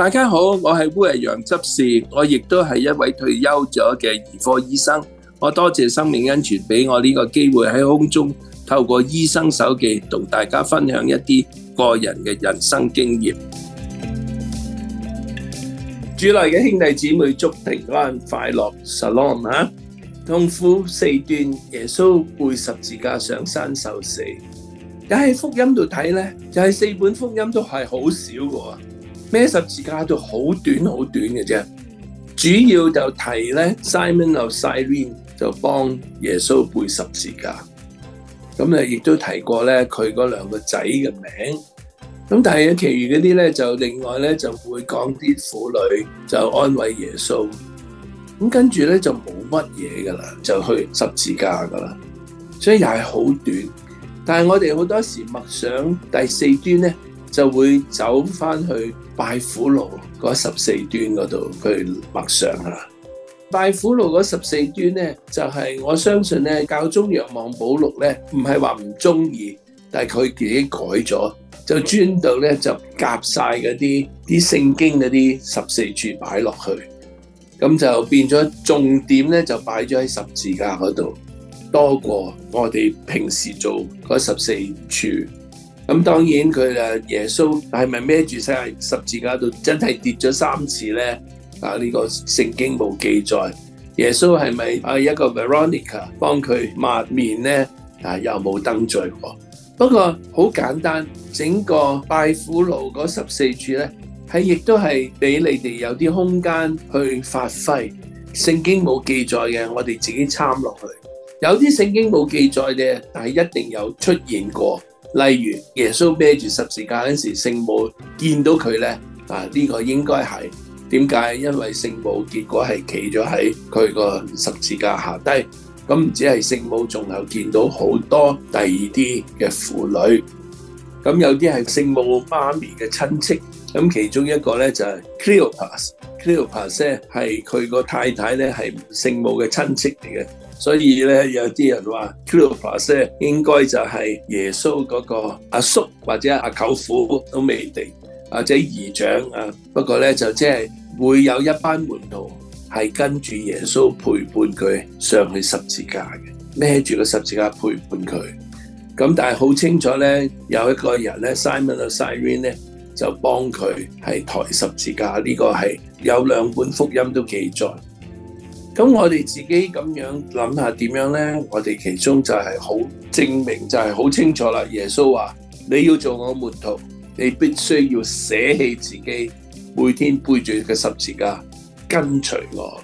大家好，我係烏日陽執事，我亦都係一位退休咗嘅兒科醫生。我多謝生命恩泉俾我呢個機會喺空中透過醫生手記同大家分享一啲個人嘅人生經驗。主內嘅兄弟姊妹，祝平安快樂。Salon 啊，痛苦四端，耶穌背十字架上山受死。但係福音度睇呢，就係四本福音都係好少嘅。咩十字架都好短，好短嘅啫。主要就提咧，Simon of Cyrene 就幫耶穌背十字架。咁咧亦都提過咧，佢嗰兩個仔嘅名。咁但係啊，其餘嗰啲咧就另外咧就會講啲婦女就安慰耶穌。咁跟住咧就冇乜嘢噶啦，就去十字架噶啦。所以又係好短。但係我哋好多時默想第四端咧。就會走翻去拜苦路嗰十四端嗰度去默想啦。拜苦路嗰十四端咧，就係、是、我相信咧，教宗若望保祿咧，唔係話唔中意，但係佢自己改咗，就專度咧就夾晒嗰啲啲聖經嗰啲十四處擺落去，咁就變咗重點咧，就擺咗喺十字架嗰度多過我哋平時做嗰十四處。咁當然佢誒耶穌係咪孭住晒十字架度真係跌咗三次呢？啊！呢個聖經冇記載，耶穌係咪啊一個 Veronica 幫佢抹面呢？啊，又冇登載過。不過好簡單，整個拜苦路嗰十四處呢，係亦都係俾你哋有啲空間去發揮。聖經冇記載嘅，我哋自己參落去。有啲聖經冇記載嘅，但係一定有出現過。例如耶穌孭住十字架嗰陣時，聖母見到佢咧，啊呢、呢個應該係點解？因為聖母結果係企咗喺佢個十字架下低，咁唔只係聖母，仲有見到好多第二啲嘅婦女，咁有啲係聖母媽咪嘅親戚，咁其中一個咧就係 Cleopas，Cleopas 咧係佢個太太咧係聖母嘅親戚嚟嘅。所以咧，有啲人話 Cleophas 應該就係耶穌嗰個阿叔，叔或者阿舅父都未定，或者姨丈啊。不過咧，就即係會有一班門徒係跟住耶穌陪伴佢上去十字架嘅，孭住個十字架陪伴佢。咁但係好清楚咧，有一個人咧 Simon the Cyren 咧就幫佢係抬十字架，呢、這個係有兩本福音都記載。咁我哋自己咁樣諗下點樣呢？我哋其中就係好證明，就係好清楚啦。耶穌話，你要做我門徒，你必須要捨棄自己，每天背住個十字架跟隨我。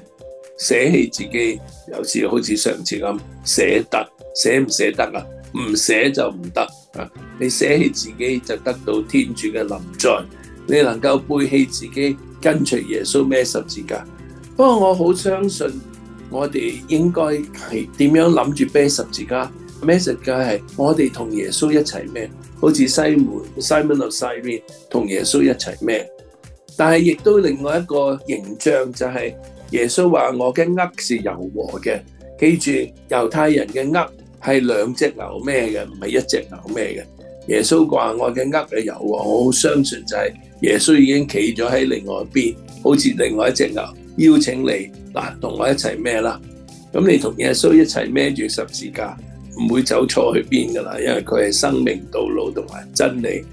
捨棄自己，有時好似上次咁，捨得捨唔捨得啊？唔捨就唔得啊！你捨棄自己就得到天主嘅臨在，你能夠背棄自己跟隨耶穌孭十字架？不過我好相信，我哋應該係點樣諗住？孭十字架，message 係我哋同耶穌一齊孭，好似西門、西門和細面同耶穌一齊孭。但係亦都另外一個形象就係耶穌話我嘅軛是柔和嘅。記住，猶太人嘅軛係兩隻牛孭嘅，唔係一隻牛孭嘅。耶穌話我嘅軛係柔和，我好相信就係耶穌已經企咗喺另外一邊，好似另外一隻牛。邀請你嗱，同、啊、我一齊孭啦？咁你同耶穌一齊孭住十字架，唔會走錯去邊噶啦，因為佢係生命道路同埋真理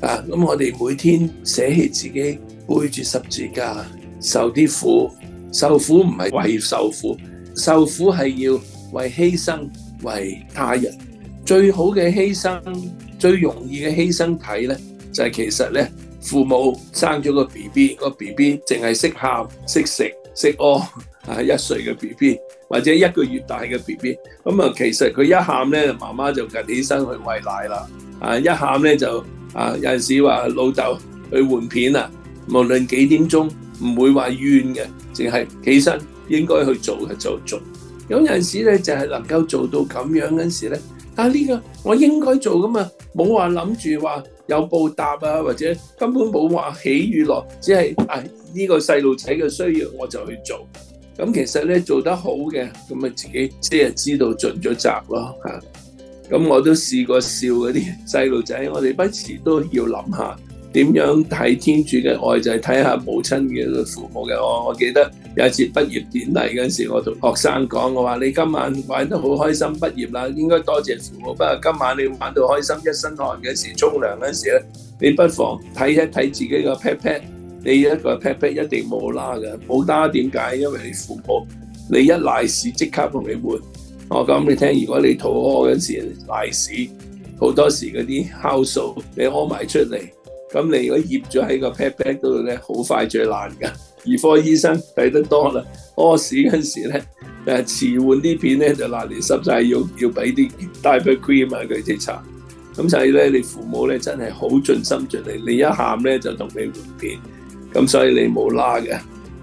啊！咁我哋每天捨棄自己，背住十字架受啲苦，受苦唔係為受苦，受苦係要為犧牲為他人。最好嘅犧牲，最容易嘅犧牲體呢，就係、是、其實呢。父母生咗個 B B，個 B B 淨係識喊、識食、識屙，啊一歲嘅 B B 或者一個月大嘅 B B，咁啊其實佢一喊咧，媽媽就近起身去餵奶啦。啊一喊咧就啊有陣時話老豆去換片啦，無論幾點鐘唔會話怨嘅，淨係起身應該去做嘅就做。有陣時咧就係能夠做到咁樣嗰陣時咧。但、啊、呢、這個我應該做噶嘛，冇話諗住話有報答啊，或者根本冇話喜與樂，只係啊呢個細路仔嘅需要我就去做。咁、嗯、其實咧做得好嘅，咁咪自己即係知道盡咗責咯嚇。咁、嗯、我都試過笑嗰啲細路仔，我哋不時都要諗下點樣睇天主嘅愛，就係、是、睇下母親嘅、父母嘅愛。我我記得。有一次畢業典禮嗰陣時，我同學生講：我話你今晚玩得好開心，畢業啦，應該多謝父母。不過今晚你玩到開心，一身汗嗰時沖涼嗰時咧，你不妨睇一睇自己個 pat pat。你一個 pat pat 一定冇拉嘅，冇啦，點解？因為你父母你一瀨屎即刻同你換。我講你聽，如果你肚屙嗰時瀨屎，好多時嗰啲酵素你屙埋出嚟，咁你如果醃咗喺個 pat pat 度咧，好快最爛噶。兒科醫生睇得多啦，屙屎嗰陣時咧，遲換啲片就爛，尿濕曬，要要俾啲 diaper cream 啊佢哋擦。咁所以你父母真係好盡心盡力，你一喊就同你換片，咁所以你冇拉嘅。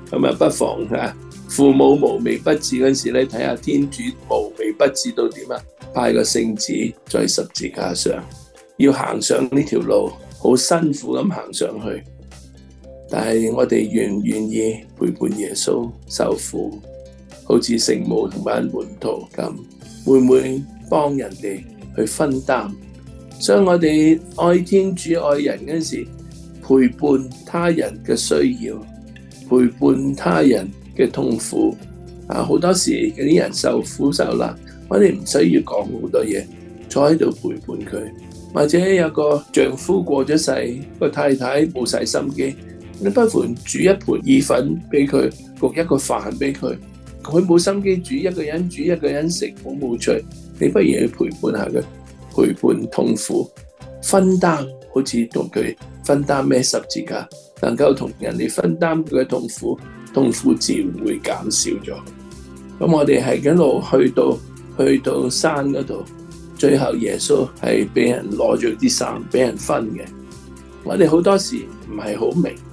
咁不妨父母無微不至嗰陣時咧，睇下天主無微不至到點啊，派個聖子在十字架上，要行上呢條路，好辛苦咁行上去。但是我哋願唔願意陪伴耶穌受苦，好似聖母同班門徒咁，會唔會幫人哋去分擔？所以我哋愛天主愛人嗰時，陪伴他人嘅需要，陪伴他人嘅痛苦啊！好多時有啲人受苦受難，我哋唔需要講好多嘢，坐喺度陪伴佢，或者有個丈夫過咗世，個太太冇曬心機。你不如煮一盤意粉畀佢，焗一個飯畀佢。佢冇心機煮，一個人煮一個人食好冇趣。你不如去陪伴下佢，陪伴痛苦，分擔。好似同佢分擔咩十字架，能夠同人哋分擔佢嘅痛苦，痛苦自然會減少咗。咁我哋係一路去到去到山嗰度，最後耶穌係畀人攞咗啲山俾人分嘅。我哋好多時唔係好明白。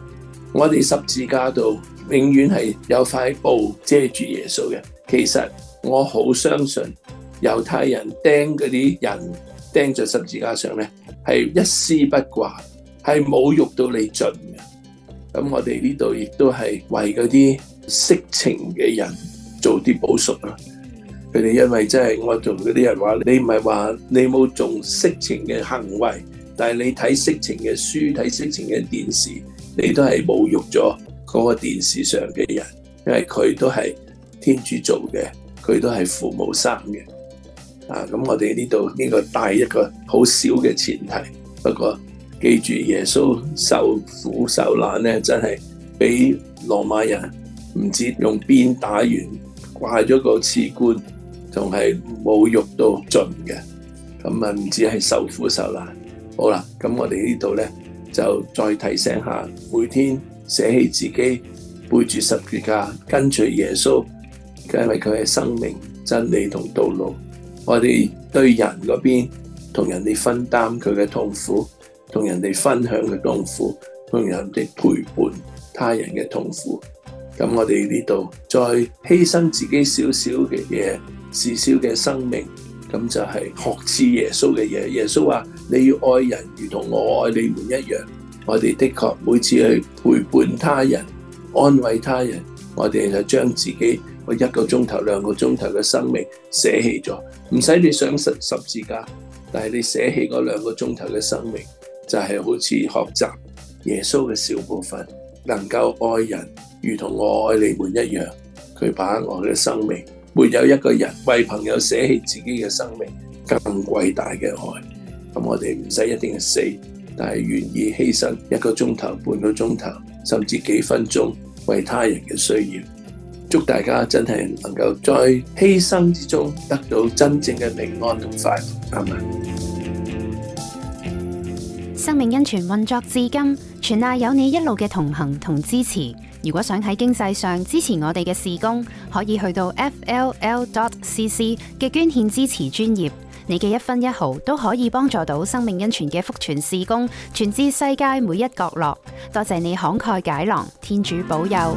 我哋十字架度永遠係有塊布遮住耶穌嘅。其實我好相信猶太人釘嗰啲人釘喺十字架上呢，係一絲不掛，係侮辱到你盡嘅。咁我哋呢度亦都係為嗰啲色情嘅人做啲補贖啦。佢哋因為真係我同嗰啲人話，你唔係話你冇做色情嘅行為。.但係你睇色情嘅書，睇色情嘅電視，你都係侮辱咗嗰個電視上嘅人，因為佢都係天主做嘅，佢都係父母生嘅。啊，咁我哋呢度呢個帶一個好小嘅前提，不過記住耶穌受苦受難呢，真係畀羅馬人唔知用鞭打完，掛咗個刺冠，仲係侮辱到盡嘅，咁啊唔止係受苦受難。好啦，咁我哋呢度呢，就再提醒下，每天捨棄自己，背住十字架，跟隨耶穌，因為佢係生命、真理同道路。我哋對人嗰邊，同人哋分擔佢嘅痛苦，同人哋分享嘅痛苦，同人哋陪伴他人嘅痛苦。咁我哋呢度再犧牲自己少少嘅嘢，少少嘅生命。咁就係學似耶穌嘅嘢。耶穌話：「你要愛人如同我愛你們一樣。」我哋的確每次去陪伴他人、安慰他人，我哋就將自己一個鐘頭、兩個鐘頭嘅生命捨棄咗。唔使你想十字架，但係你捨棄嗰兩個鐘頭嘅生命，就係、是、好似學習耶穌嘅小部分，能夠愛人如同我愛你們一樣，佢把我的生命。沒有一個人為朋友捨棄自己嘅生命更偉大嘅愛，咁我哋唔使一定死，但係願意犧牲一個鐘頭、半個鐘頭，甚至幾分鐘為他人嘅需要。祝大家真係能夠在犧牲之中得到真正嘅平安同快樂，係咪？生命恩泉運作至今，全賴有你一路嘅同行同支持。如果想喺經濟上支持我哋嘅事工，可以去到 f l l dot c c 嘅捐獻支持專頁，你嘅一分一毫都可以幫助到生命恩泉嘅福傳事工，傳至世界每一角落。多謝你慷慨解囊，天主保佑。